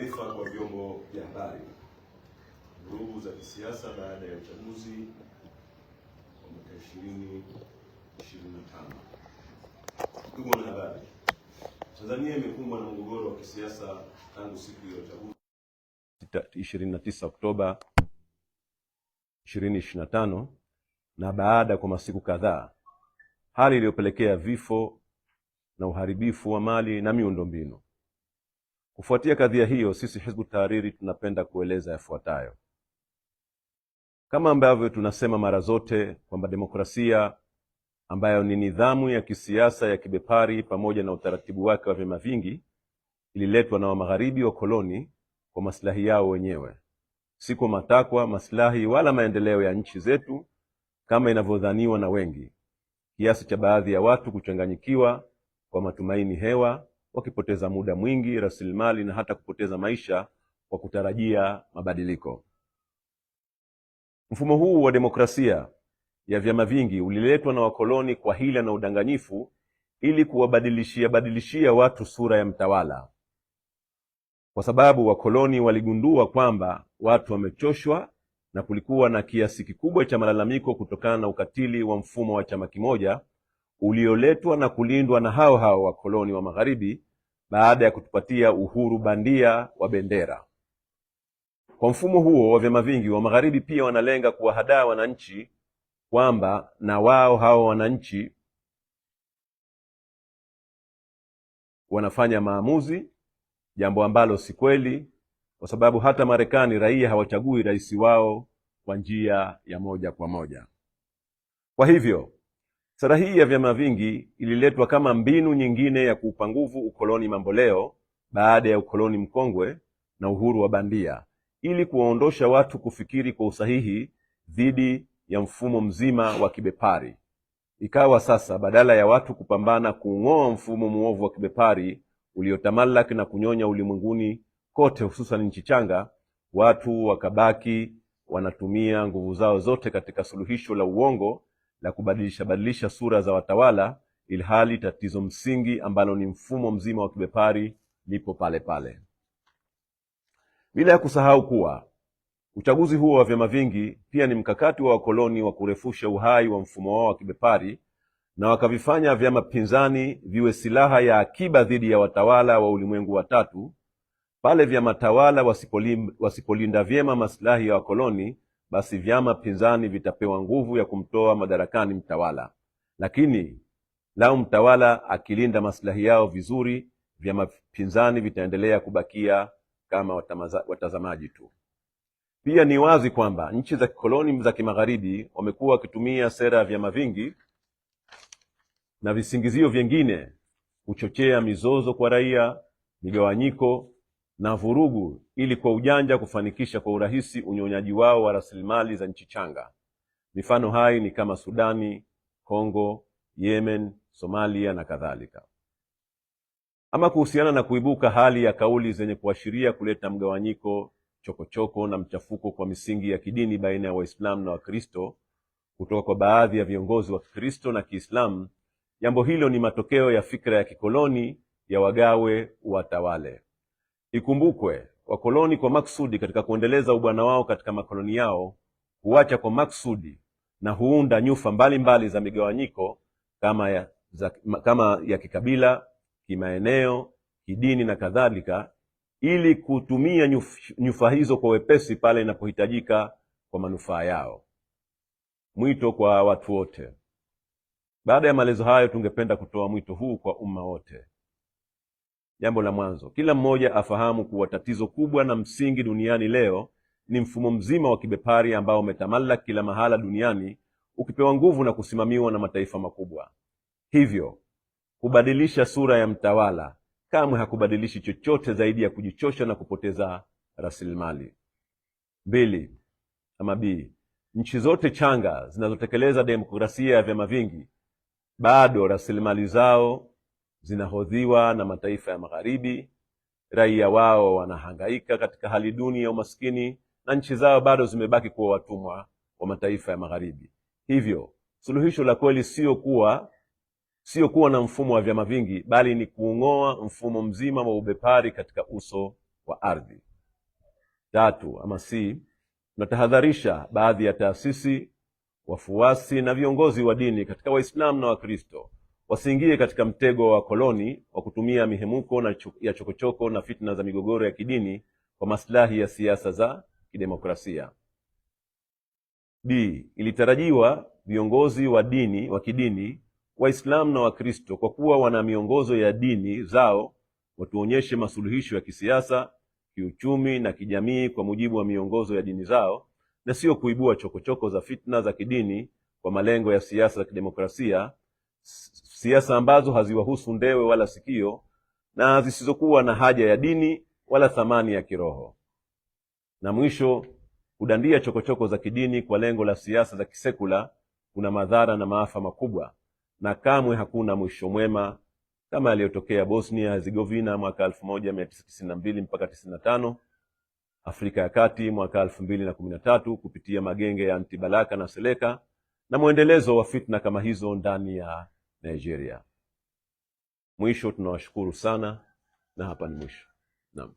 taarifa kwa vyombo vya habari. Vurugu za kisiasa baada ya uchaguzi wa mwaka 2025. Ndugu wanahabari, Tanzania imekumbwa na mgogoro wa kisiasa tangu siku ya uchaguzi 29 Oktoba 2025 na baada kwa masiku kadhaa, hali iliyopelekea vifo na uharibifu wa mali na miundombinu. Kufuatia kadhia hiyo, sisi Hizbu Tahariri tunapenda kueleza yafuatayo. Kama ambavyo tunasema mara zote kwamba demokrasia ambayo ni nidhamu ya kisiasa ya kibepari pamoja na utaratibu wake wa vyama vingi ililetwa na wamagharibi wa koloni kwa maslahi yao wenyewe, si kwa matakwa, maslahi wala maendeleo ya nchi zetu kama inavyodhaniwa na wengi, kiasi cha baadhi ya watu kuchanganyikiwa kwa matumaini hewa wakipoteza muda mwingi, rasilimali na hata kupoteza maisha kwa kutarajia mabadiliko. Mfumo huu wa demokrasia ya vyama vingi uliletwa na wakoloni kwa hila na udanganyifu ili kuwabadilishia badilishia watu sura ya mtawala, kwa sababu wakoloni waligundua kwamba watu wamechoshwa na kulikuwa na kiasi kikubwa cha malalamiko kutokana na ukatili wa mfumo wa chama kimoja ulioletwa na kulindwa na hao hao wakoloni wa Magharibi baada ya kutupatia uhuru bandia wa bendera. Kwa mfumo huo wa vyama vingi wa Magharibi pia wanalenga kuwahadaa wananchi kwamba na wao hao wananchi wanafanya maamuzi, jambo ambalo si kweli, kwa sababu hata Marekani raia hawachagui rais wao kwa njia ya moja kwa moja. Kwa hivyo Sera hii ya vyama vingi ililetwa kama mbinu nyingine ya kuupa nguvu ukoloni mamboleo baada ya ukoloni mkongwe na uhuru wa bandia, ili kuwaondosha watu kufikiri kwa usahihi dhidi ya mfumo mzima wa kibepari. Ikawa sasa badala ya watu kupambana kuung'oa mfumo mwovu wa kibepari uliotamalaki na kunyonya ulimwenguni kote, hususan nchi changa, watu wakabaki wanatumia nguvu zao zote katika suluhisho la uongo la kubadilisha badilisha sura za watawala, ilhali tatizo msingi ambalo ni mfumo mzima wa kibepari lipo pale pale, bila ya kusahau kuwa uchaguzi huo wa vyama vingi pia ni mkakati wa wakoloni wa kurefusha uhai wa mfumo wao wa kibepari na wakavifanya vyama pinzani viwe silaha ya akiba dhidi ya watawala wa ulimwengu wa tatu, pale vyama tawala wasipolinda vyema masilahi ya wakoloni basi vyama pinzani vitapewa nguvu ya kumtoa madarakani mtawala. Lakini lau mtawala akilinda maslahi yao vizuri, vyama pinzani vitaendelea kubakia kama watazamaji tu. Pia ni wazi kwamba nchi za kikoloni za kimagharibi wamekuwa wakitumia sera ya vyama vingi na visingizio vyengine kuchochea mizozo kwa raia, migawanyiko na vurugu ili kwa ujanja kufanikisha kwa urahisi unyonyaji wao wa rasilimali za nchi changa. Mifano hai ni kama Sudani, Kongo, Yemen, Somalia na kadhalika. Ama kuhusiana na kuibuka hali ya kauli zenye kuashiria kuleta mgawanyiko, chokochoko na mchafuko kwa misingi ya kidini baina ya Waislamu na Wakristo kutoka kwa baadhi ya viongozi wa Kikristo na Kiislamu, jambo hilo ni matokeo ya fikra ya kikoloni ya wagawe watawale Ikumbukwe wakoloni kwa maksudi katika kuendeleza ubwana wao katika makoloni yao huacha kwa maksudi na huunda nyufa mbalimbali za migawanyiko kama ya, za, kama ya kikabila, kimaeneo, kidini na kadhalika, ili kutumia nyuf, nyufa hizo kwa wepesi pale inapohitajika kwa manufaa yao. Mwito kwa watu wote. Baada ya maelezo hayo, tungependa kutoa mwito huu kwa umma wote. Jambo la mwanzo, kila mmoja afahamu kuwa tatizo kubwa na msingi duniani leo ni mfumo mzima wa kibepari ambao umetamala kila mahala duniani, ukipewa nguvu na kusimamiwa na mataifa makubwa. Hivyo kubadilisha sura ya mtawala kamwe hakubadilishi chochote zaidi ya kujichosha na kupoteza rasilimali. Mbili, ama B, nchi zote changa zinazotekeleza demokrasia ya vyama vingi bado rasilimali zao zinahodhiwa na mataifa ya magharibi. Raia wao wanahangaika katika hali duni ya umaskini na nchi zao bado zimebaki kuwa watumwa wa mataifa ya magharibi. Hivyo suluhisho la kweli sio kuwa sio kuwa na mfumo wa vyama vingi, bali ni kuung'oa mfumo mzima wa ubepari katika uso wa ardhi. Tatu ama si, tunatahadharisha baadhi ya taasisi, wafuasi na viongozi wa dini katika Waislamu na Wakristo wasiingie katika mtego wa koloni wa kutumia mihemuko na ya chokochoko na fitna za migogoro ya kidini kwa maslahi ya siasa za kidemokrasia. D. Ilitarajiwa viongozi wa dini wa kidini Waislamu na Wakristo, kwa kuwa wana miongozo ya dini zao, watuonyeshe masuluhisho ya kisiasa, kiuchumi na kijamii kwa mujibu wa miongozo ya dini zao, na sio kuibua chokochoko za fitna za kidini kwa malengo ya siasa za kidemokrasia siasa ambazo haziwahusu ndewe wala sikio na zisizokuwa na haja ya dini wala thamani ya kiroho, na mwisho kudandia chokochoko za kidini kwa lengo la siasa za kisekula kuna madhara na maafa makubwa, na kamwe hakuna mwisho mwema kama yaliyotokea Bosnia Herzegovina mwaka 1992 mpaka 95, Afrika ya Kati mwaka 2013 kupitia magenge ya Antibalaka na Seleka na mwendelezo wa fitna kama hizo ndani ya Nigeria. Mwisho tunawashukuru sana na hapa ni mwisho. Naam.